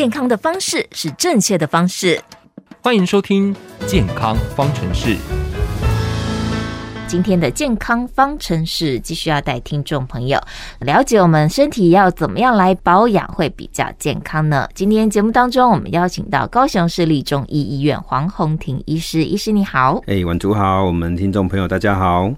健康的方式是正確的方式。歡迎收聽《健康方程式》。今天的《健康方程式》繼續要帶聽眾朋友了解我們身體要怎麼樣來保養會比較健康呢？今天節目當中，我們邀請到高雄市立中醫醫院黃宏庭醫師，醫師你好。哎，晚主好，我們聽眾朋友大家好。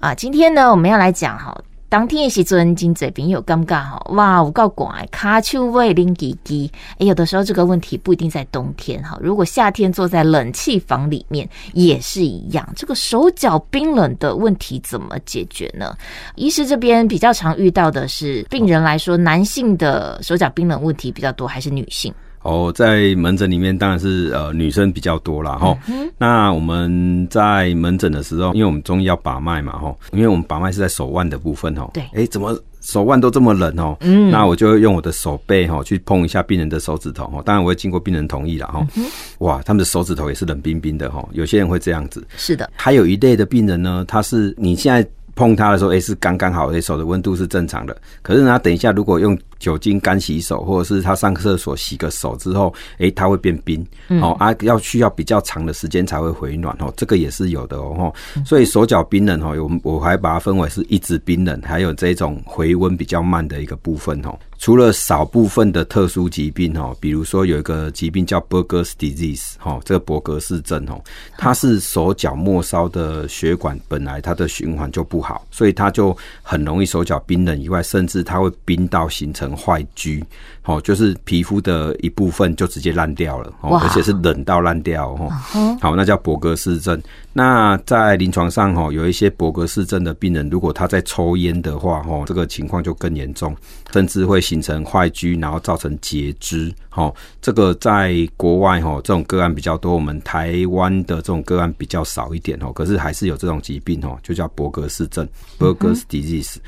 啊，今天呢，我們要來講好。當天也是做人機這邊有尷尬哈，哇，我告訴你，卡秋威零幾幾，哎、欸，有的時候這個問題不一定在冬天哈，如果夏天坐在冷氣房裡面也是一樣，這個手腳冰冷的問題怎麼解決呢？醫師這邊比較常遇到的是，病人來說，男性的手腳冰冷問題比較多，還是女性？哦、oh，在門診裡面當然是呃女生比較多啦哈、嗯。那我們在門診的時候，因為我們中醫要把脈嘛哈，因為我們把脈是在手腕的部分哦。對，哎、欸，怎麼手腕都這麼冷哦？嗯，那我就用我的手背哈去碰一下病人的手指頭哈，當然我會經過病人同意了哈、嗯。哇，他們的手指頭也是冷冰冰的哈。有些人會這樣子。是的，還有一類的病人呢，他是你現在碰他的時候，哎、欸，是剛剛好，哎、欸，手的溫度是正常的。可是呢，他等一下如果用酒精乾洗手，或者是他上廁所洗個手之後，哎、欸，他會變冰、嗯、哦，啊，要需要比較長的時間才會回暖哦，這個也是有的哦，哦，所以手腳冰冷哦，我我還把它分為是一直冰冷，還有這種回溫比較慢的一個部分哦。除了少部分的特殊疾病哦，比如說有一個疾病叫 Burger's disease 哈、哦，這個伯格氏症哦，它是手腳末梢的血管本來它的循環就不好，所以它就很容易手腳冰冷以外，甚至它會冰到形成。壞疽、哦，就是皮膚的一部分就直接爛掉了，哦 wow. 而且是冷到爛掉、哦， 好，那叫伯格氏症。那在臨床上、哦，有一些伯格氏症的病人，如果他在抽菸的話、哦，這個情況就更嚴重，甚至會形成壞疽，然後造成截肢、哦，這個在國外、哦，這種個案比較多，我們台灣的這種個案比較少一點，哦、可是還是有這種疾病，哦、就叫伯格氏症，Burger's disease。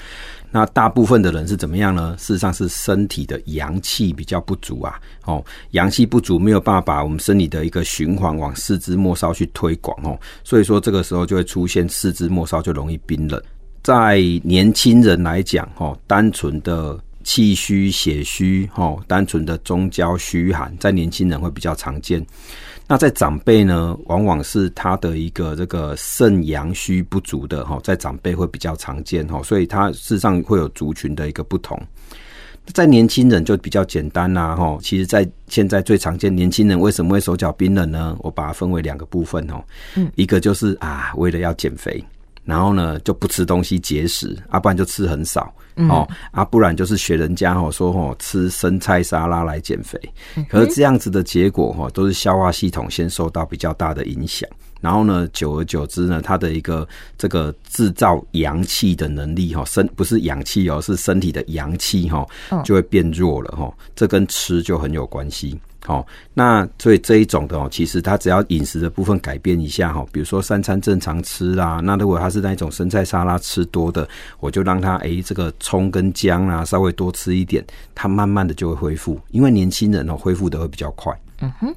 那大部分的人是怎麼樣呢？事實上是身體的陽氣比較不足啊，哦，陽氣不足沒有辦法把我們身體的一個循環往四肢末梢去推廣哦，所以說這個時候就會出現四肢末梢就容易冰冷。在年輕人來講，哦，單純的。氣虛血虛，吼，單純的中焦虛寒，在年輕人會比較常見。那在長輩呢，往往是他的一個這個腎陽虛不足的，吼，在長輩會比較常見，吼，所以他事實上會有族群的一個不同。在年輕人就比較簡單啦，吼。其實，在現在最常見，年輕人為什麼會手腳冰冷呢？我把它分為兩個部分，哦，嗯，一個就是啊，為了要減肥。然後呢，就不吃東西節食，啊，不然就吃很少，嗯、哦，啊，不然就是學人家哦，說哦，吃生菜沙拉來減肥，可是這樣子的結果哈，哦，都是消化系統先受到比較大的影響。然後呢，久而久之呢，他的一個這個製造陽氣的能力哈、哦，身不是氧氣哦，是身體的陽氣哈、哦，就會變弱了哈、哦。Oh. 這跟吃就很有關係。好、哦，那所以這一種的哦，其實它只要飲食的部分改變一下哈、哦，比如說三餐正常吃啦、啊，那如果它是那種生菜沙拉吃多的，我就讓它，哎這個蔥跟薑啊稍微多吃一點，它慢慢的就會恢復。因為年輕人哦恢復的會比較快。嗯哼。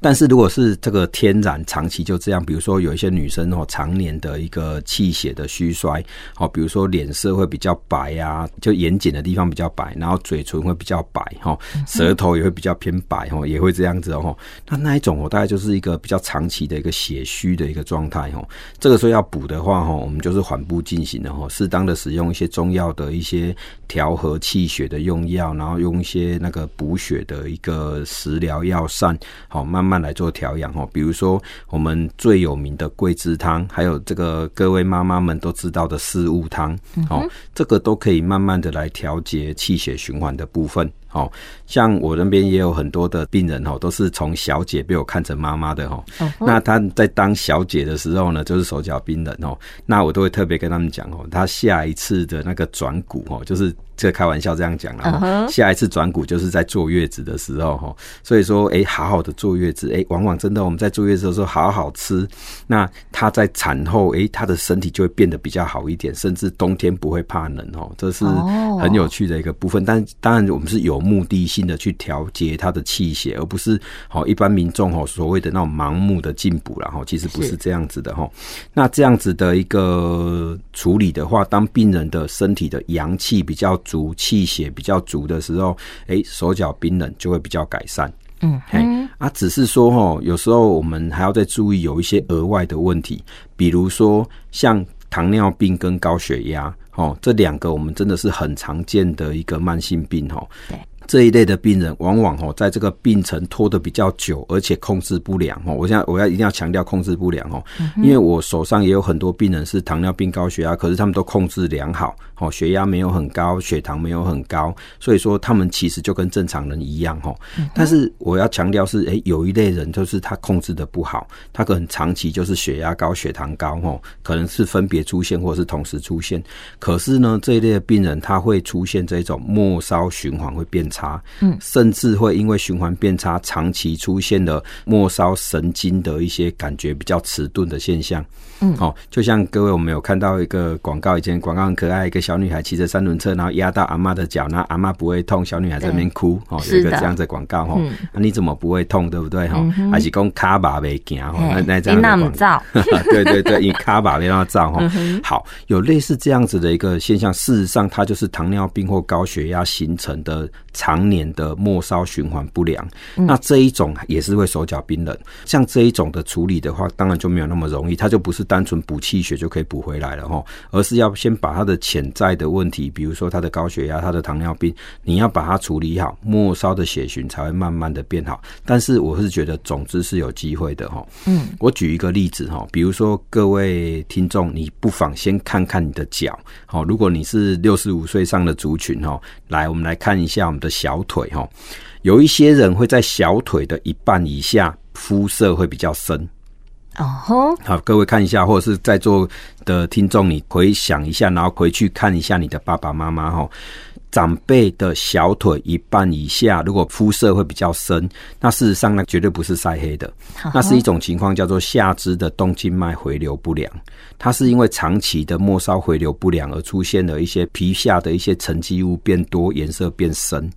但是如果是這個天然長期就這樣，比如說有一些女生哦、喔，常年的一個氣血的虛衰，哦、喔，比如說臉色會比較白呀、啊，就眼瞼的地方比較白，然後嘴唇會比較白，哈、喔，舌頭也會比較偏白，哦、喔，也會這樣子，哦、喔，那那一種哦、喔，大概就是一個比較長期的一個血虛的一個狀態，哦、喔，這個時候要補的話，哈、喔，我們就是緩步進行的，哈、喔，適當的使用一些中藥的一些調和氣血的用藥，然後用一些那個補血的一個食療藥膳，喔哦，慢慢來做調養哦，比如說我們最有名的桂枝湯，還有這個各位媽媽們都知道的四物湯，嗯，哦，這個都可以慢慢的來調節氣血循環的部分。好像我那邊也有很多的病人哦，都是從小姐被我看成媽媽的哦。Uh -huh. 那她在當小姐的時候呢，就是手腳冰冷哦。那我都會特別跟他們講哦，她下一次的那個轉骨哦，就是這開玩笑這樣講啦。Uh -huh. 下一次轉骨就是在坐月子的時候哈。所以說，哎、欸，好好的坐月子，哎、欸，往往真的我們在坐月子的時候說好好吃，那她在產後，哎、欸，她的身體就會變得比較好一點，甚至冬天不會怕冷哦。這是很有趣的一個部分。Uh -huh. 但當然，我們是有。有目的性的去調節他的氣血，而不是好一般民眾吼所謂的那種盲目的進補了哈，其實不是這樣子的哈。那這樣子的一個處理的話，當病人的身體的陽氣比較足、氣血比較足的時候，哎、欸，手腳冰冷就會比較改善。嗯，嘿，啊，只是說哦，有時候我們還要再注意有一些額外的問題，比如說像糖尿病跟高血壓，哦，這兩個我們真的是很常見的一個慢性病哦。這一類的病人，往往哦，在這個病程拖得比較久，而且控制不良哦。我現在我要一定要強調控制不良哦，因為我手上也有很多病人是糖尿病、高血壓，可是他們都控制良好。哦，血壓沒有很高，血糖沒有很高，所以說他們其實就跟正常人一樣哦。但是我要強調是，哎、欸，有一類人就是他控制的不好，他可能長期就是血壓高、血糖高哦，可能是分別出現或是同時出現。可是呢，這一類的病人他會出現這種末梢循環會變差，嗯，甚至會因為循環變差，長期出現了末梢神經的一些感覺比較遲鈍的現象。嗯，好、哦，就像各位，我們有看到一個廣告，以前廣告很可愛一個。小女孩騎着三輪車，然後壓到阿嬤的腳，那阿嬤不會痛，小女孩在那邊哭，哦、喔，有一個這樣子廣告，哈，嗯啊、你怎麼不會痛，對不對，哈、嗯，還是講卡巴維行，哈，那那這樣子廣告，對對對，對，以卡巴維讓造，哈， 好，有類似這樣子的一個現象，事實上，它就是糖尿病或高血壓形成的。常年的末梢循環不良，那這一種也是會手腳冰冷。像這一種的處理的話，當然就沒有那麼容易，它就不是單純補氣血就可以補回來了哈，而是要先把它的潛在的問題，比如說他的高血壓、他的糖尿病，你要把它處理好，末梢的血循才會慢慢的變好。但是我是覺得，總之是有機會的哈。嗯，我舉一個例子哈，比如說各位聽眾，你不妨先看看你的腳。好，如果你是六十五歲上的族群哈，來，我們來看一下我們的。小腿，有一些人會在小腿的一半以下，膚色會比較深。哦吼，好，各位看一下，或者是在座的聽眾，你可以想一下，然後回去看一下你的爸爸媽媽。長輩的小腿一半以下，如果膚色會比較深，那事實上呢，絕對不是曬黑的，那是一種情況叫做下肢的動靜脈回流不良，它是因為長期的末梢回流不良而出現了一些皮下的一些沉積物變多，顏色變深。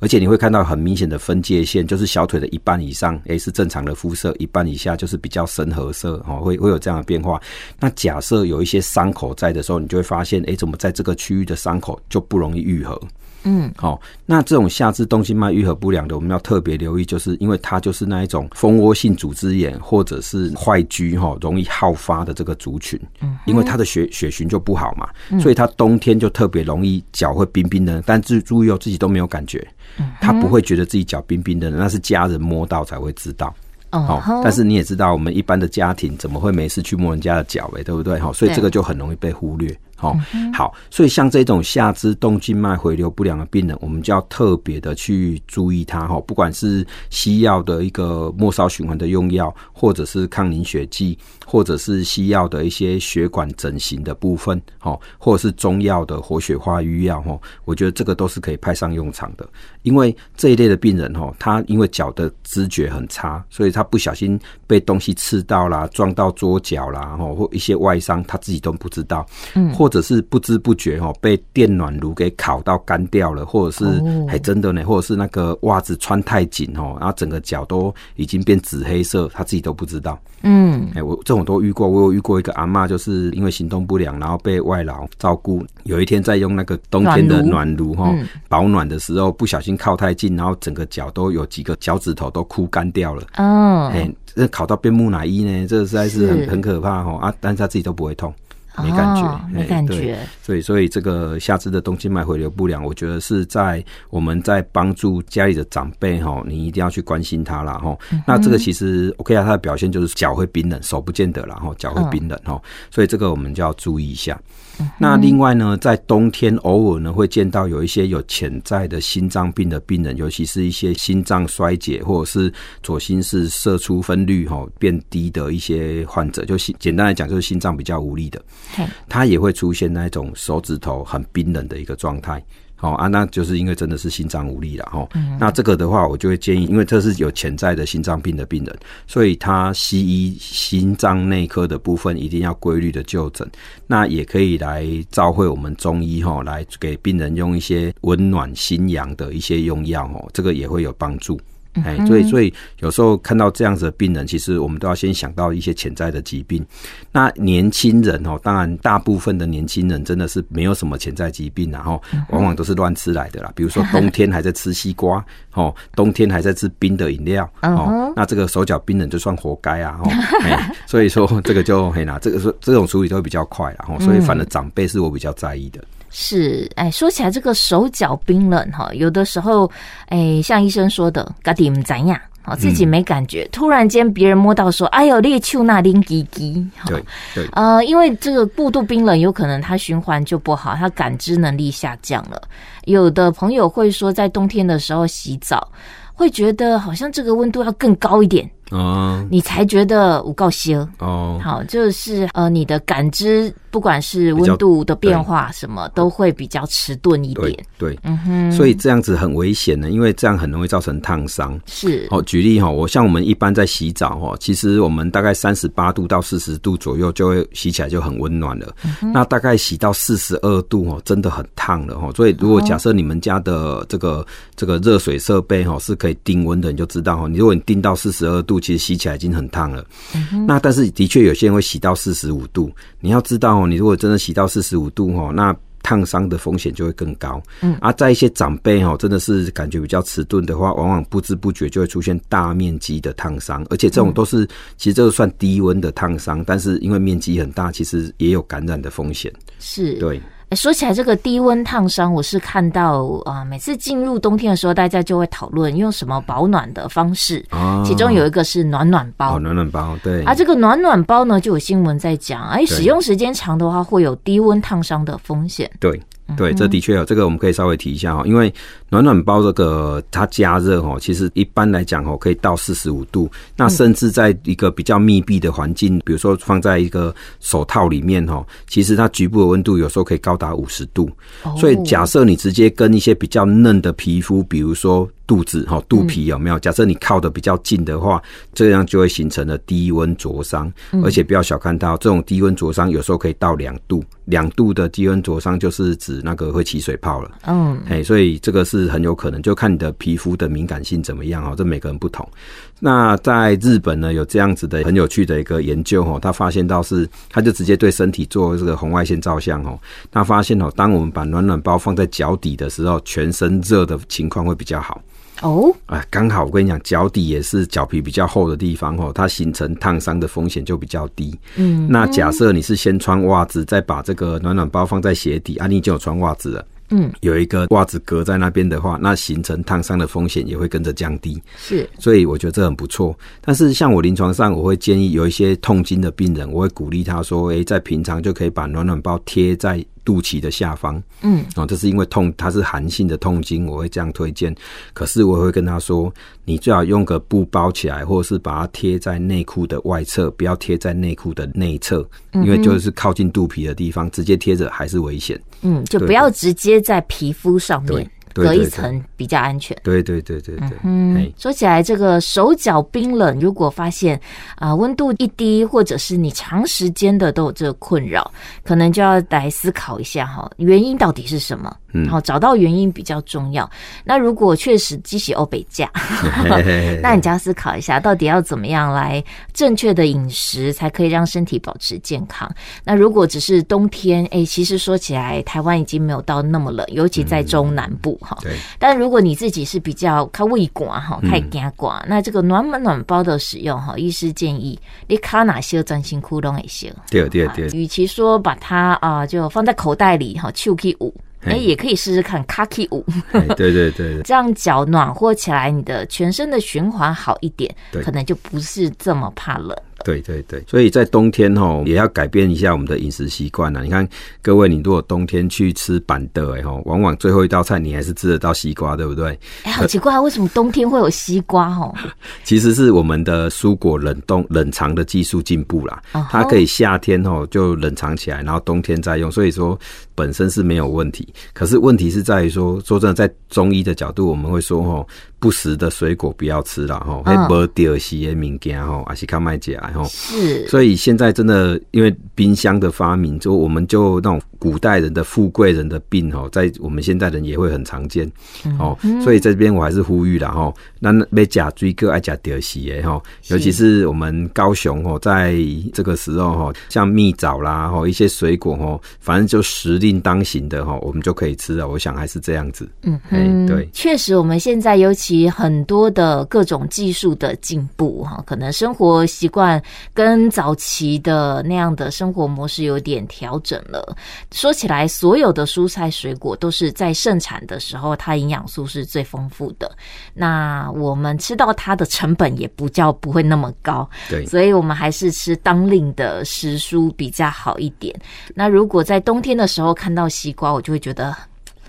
而且你會看到很明顯的分界線，就是小腿的一半以上，哎、欸、是正常的膚色，一半以下就是比較深褐色，哈、喔，會會有這樣的變化。那假設有一些傷口在的時候，你就會發現，哎、欸，怎麼在這個區域的傷口就不容易愈合？嗯，好、喔，那這種下肢動靜脈愈合不良的，我們要特別留意，就是因為它就是那一種蜂窩性組織炎或者是壞疽，哈、喔，容易好發的這個族群，嗯，因為它的血血循就不好嘛，所以它冬天就特別容易腳會冰冰的，但自注意哦、喔，自己都沒有感覺。嗯、他不會覺得自己腳冰冰的，那是家人摸到才會知道。哦、Uh-huh.，但是你也知道，我們一般的家庭怎麼會沒事去摸人家的腳、欸？對不對？哈，所以這個就很容易被忽略。好、嗯、好，所以像這種下肢動靜脈回流不良的病人，我們就要特別的去注意他哈。不管是西藥的一個末梢循環的用藥，或者是抗凝血劑，或者是西藥的一些血管整形的部分，哦，或者是中藥的活血化瘀藥哦，我覺得這個都是可以派上用場的。因為這一類的病人哈，他因為腳的知覺很差，所以他不小心被東西刺到啦，撞到桌角啦，然後或一些外傷，他自己都不知道，嗯，或。或者是不知不覺哦，被電暖爐給烤到乾掉了，或者是、Oh. 還真的呢，或者是那個襪子穿太緊哦，然後整個腳都已經變紫黑色，他自己都不知道。嗯，哎，我這種都遇過，我有遇過一個阿嬤，就是因為行動不良，然後被外勞照顧，有一天在用那個冬天的暖爐哈、哦，保暖的時候不小心靠太近，然後整個腳都有幾個腳趾頭都枯乾掉了。哦，哎，這烤到變木乃伊呢，這實在是很是很可怕哦啊，但是他自己都不會痛。沒感覺、oh, 欸，沒感覺，所以所以這個下肢的動靜脈回流不良，我覺得是在我們在幫助家裡的長輩吼，你一定要去關心他了吼，嗯，那這個其實 OK 啊，他的表現就是腳會冰冷，手不見得，然後哈，腳會冰冷吼，嗯，所以這個我們就要注意一下。那另外呢，在冬天偶爾呢，會見到有一些有潛在的心臟病的病人，尤其是一些心臟衰竭或者是左心室射出分率，吼，變低的一些患者，就心簡單來講，就是心臟比較無力的，他也會出現那種手指頭很冰冷的一個狀態。好啊，那就是因為真的是心臟無力了哦。那這個的話，我就會建議，因為這是有潛在的心臟病的病人，所以他西醫心臟內科的部分一定要規律的就診。那也可以來照會我們中醫哈，來給病人用一些溫暖心陽的一些用藥哦，這個也會有幫助。哎，所以所以有時候看到這樣子的病人，其實我們都要先想到一些潛在的疾病。那年輕人哦，當然大部分的年輕人真的是沒有什麼潛在疾病，啊，然後往往都是亂吃來的啦。比如說冬天還在吃西瓜，哦，冬天還在吃冰的飲料，uh -huh. 哦，那這個手腳冰冷就算活該啊，哦，哎。所以說這個就嘿啦，這個是這種處理都比較快啦，然後所以反而長輩是我比較在意的。是，哎，說起來這個手腳冰冷哈、哦，有的時候，哎，像醫生說的，到底怎樣？哦，自己沒感覺、嗯，突然間別人摸到說，哎呦，你手哪冷吱吱。對對。呃，因為這個過度冰冷，有可能它循環就不好，它感知能力下降了。有的朋友會說，在冬天的時候洗澡，會覺得好像這個溫度要更高一點。哦、嗯，你才覺得有夠燙哦，好，就是呃，你的感知不管是溫度的變化什麼，都會比較遲鈍一點對。對，嗯哼，所以這樣子很危險呢，因為這樣很容易造成燙傷。是，哦，舉例哈、哦，我像我們一般在洗澡哈、哦，其實我們大概三十八度到四十度左右就會洗起來就很溫暖了、嗯。那大概洗到四十二度哦，真的很燙了哦。所以如果假設你們家的這個這個熱水設備哦是可以定溫的，你就知道哦，你如果你定到四十二度。其實洗起來已經很燙了、嗯，那但是的確有些人會洗到四十五度。你要知道，你如果真的洗到四十五度，那燙傷的風險就會更高。嗯，而、啊、在一些長輩哦，真的是感覺比較遲鈍的話，往往不知不覺就會出現大面積的燙傷，而且這種都是其實這個算低溫的燙傷、嗯，但是因為面積很大，其實也有感染的風險。是，對。說起來，這個低溫燙傷，我是看到啊，呃，每次進入冬天的時候，大家就會討論用什麼保暖的方式。哦，其中有一個是暖暖包，哦。暖暖包，對。啊，這個暖暖包呢，就有新聞在講，哎，使用時間長的話，會有低溫燙傷的風險。對。對，這的確有這個，我們可以稍微提一下哈，因為暖暖包這個它加熱哦，其實一般來講哦，可以到四十五度，那甚至在一個比較密閉的環境，比如說放在一個手套裡面哦，其實它局部的溫度有時候可以高達五十度，所以假設你直接跟一些比較嫩的皮膚，比如說。肚子哈，肚皮有沒有？假設你靠得比較近的話、嗯，這樣就會形成了低溫灼傷，而且不要小看它，這種低溫灼傷有時候可以到兩度，兩度的低溫灼傷就是指那個會起水泡了。嗯，嘿，所以這個是很有可能，就看你的皮膚的敏感性怎麼樣哦，這每個人不同。那在日本呢，有這樣子的很有趣的一個研究吼，他發現到是，他就直接對身體做這個紅外線照相吼，他發現吼，當我們把暖暖包放在腳底的時候，全身熱的情況會比較好。哦，啊，剛好我跟你講，腳底也是腳皮比較厚的地方哦，它形成燙傷的風險就比較低。嗯、mm -hmm.，那假設你是先穿襪子，再把這個暖暖包放在鞋底，啊，你已經有穿襪子了，嗯、mm -hmm.，有一個襪子隔在那邊的話，那形成燙傷的風險也會跟着降低。是，所以我覺得這很不錯。但是像我臨床上，我會建議有一些痛經的病人，我會鼓勵他說，誒、欸，在平常就可以把暖暖包貼在。肚臍的下方，嗯，哦，這是因為痛，它是寒性的痛經，我會這樣推薦。可是我會跟他說，你最好用個布包起來，或是把它貼在內褲的外側，不要貼在內褲的內側，嗯，因為就是靠近肚皮的地方，直接貼着還是危險。嗯，就不要直接在皮膚上面。隔一層比較安全。對對對對對，對。嗯，說起來，這個手腳冰冷，如果發現啊、呃、溫度一低，或者是你長時間的都有這個困擾，可能就要來思考一下哈，原因到底是什麼？好，嗯，找到原因比較重要。那如果確實積食歐北架，嘿嘿嘿， 那你就要思考一下，到底要怎麼樣來正確的飲食，才可以讓身體保持健康？那如果只是冬天，哎，欸，其實說起來，台灣已經沒有到那麼冷，尤其在中南部哈。對，嗯。但如果你自己是比較，比較怕畏寒哈，太驚寒，那這個暖暖暖包的使用哈，醫師建議你卡哪些專心窟窿一些。對對對。與其說把它啊，就放在口袋裡哈，抽起舞。哎，也可以試試看卡 key 舞， 對，對，對對對，這樣腳暖和起來，你的全身的循環好一點，可能就不是這麼怕冷。對對對，所以在冬天吼、哦，也要改變一下我們的飲食習慣啦。你看，各位，你如果冬天去吃辦桌吼，往往最後一道菜你還是吃得到西瓜，對不對？哎、欸，好奇怪、啊， 為什麼冬天會有西瓜哦？其實是我們的蔬果冷凍冷藏的技術進步啦。Uh -huh. 它可以夏天吼、哦、就冷藏起來，然後冬天再用，所以說本身是沒有問題。可是問題是在於說，說真的，在中醫的角度，我們會說哦。不時的水果不要吃了吼、喔哦，還買點西耶物件是靠買解吼。是。所以現在真的，因為冰箱的發明，就我們就那種古代人的富貴人的病在我們現代人也會很常見。哦、嗯喔，所以在這邊我還是呼籲了吼，那追哥愛甲點西尤其是我們高雄、喔、在這個時候、喔、像蜜棗啦、喔、一些水果、喔、反正就時令當行的、喔、我們就可以吃了。我想還是這樣子。嗯、欸，對，確實我們現在尤其。其很多的各種技術的進步哈，可能生活習慣跟早期的那樣的生活模式有點調整了。說起來，所有的蔬菜水果都是在盛產的時候，它營養素是最豐富的。那我們吃到它的成本也不叫不會那麼高，對，所以我們還是吃當令的時蔬比較好一點。那如果在冬天的時候看到西瓜，我就會覺得。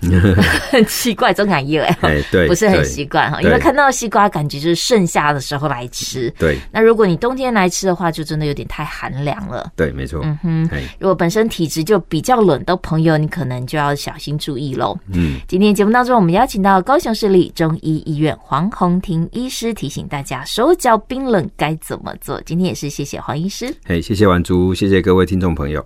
很奇怪，總感覺哎，hey, 對，不是很習慣哈。因為看到西瓜，感覺就是盛夏的時候來吃。對，那如果你冬天來吃的話，就真的有點太寒涼了。對，沒錯。嗯哼，hey. 如果本身體質就比較冷的朋友，你可能就要小心注意嘍。嗯、hey.，今天節目當中，我們邀請到高雄市立中醫醫院黃宏庭醫師，提醒大家手腳冰冷該怎麼做。今天也是謝謝黃醫師，哎、hey,，謝謝婉珠，謝謝各位聽眾朋友。